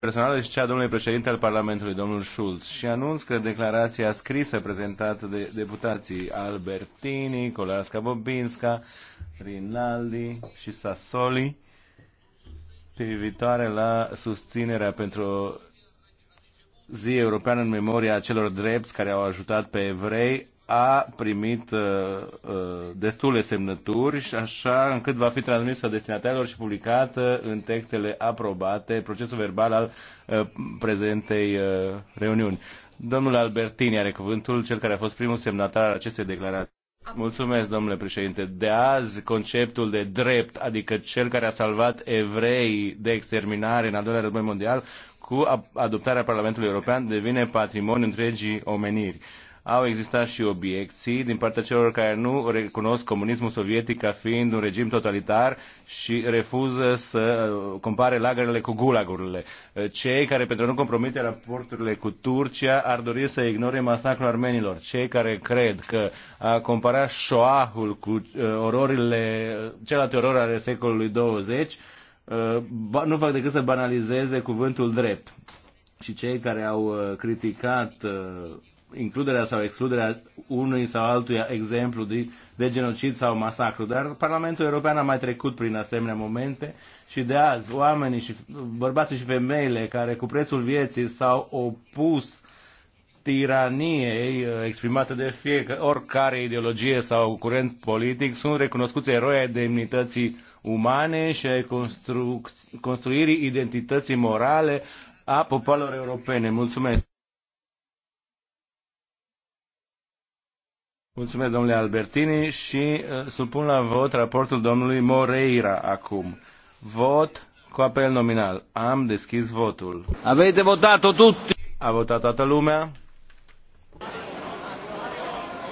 personală și cea a domnului președinte al Parlamentului, domnul Schulz, și anunț că declarația scrisă prezentată de deputații Albertini, Colasca Bobinska, Rinaldi și Sassoli privitoare la susținerea pentru zi europeană în memoria celor drepți care au ajutat pe evrei a primit uh, uh, destule semnături și așa încât va fi transmisă destinatarilor și publicată uh, în textele aprobate procesul verbal al uh, prezentei uh, reuniuni. Domnul Albertini are cuvântul, cel care a fost primul semnatar al acestei declarații. Mulțumesc, domnule președinte. De azi, conceptul de drept, adică cel care a salvat evrei de exterminare în al doilea război mondial, cu adoptarea Parlamentului European, devine patrimoniu întregii omeniri au existat și obiecții din partea celor care nu recunosc comunismul sovietic ca fiind un regim totalitar și refuză să uh, compare lagărele cu gulagurile. Uh, cei care, pentru a nu compromite raporturile cu Turcia, ar dori să ignore masacrul armenilor. Cei care cred că a compara șoahul cu uh, ororile, celelalte orori ale secolului 20, nu fac decât să banalizeze cuvântul drept și cei care au uh, criticat uh, includerea sau excluderea unui sau altuia exemplu de, de genocid sau masacru. Dar Parlamentul European a mai trecut prin asemenea momente și de azi oamenii și bărbații și femeile care cu prețul vieții s-au opus tiraniei uh, exprimate de fiecare, oricare ideologie sau curent politic sunt recunoscuți eroi ai demnității umane și ai construirii identității morale a popoarelor europene. Mulțumesc! Mulțumesc, domnule Albertini, și uh, supun la vot raportul domnului Moreira acum. Vot cu apel nominal. Am deschis votul. Aveți votat tutti? A votat toată lumea?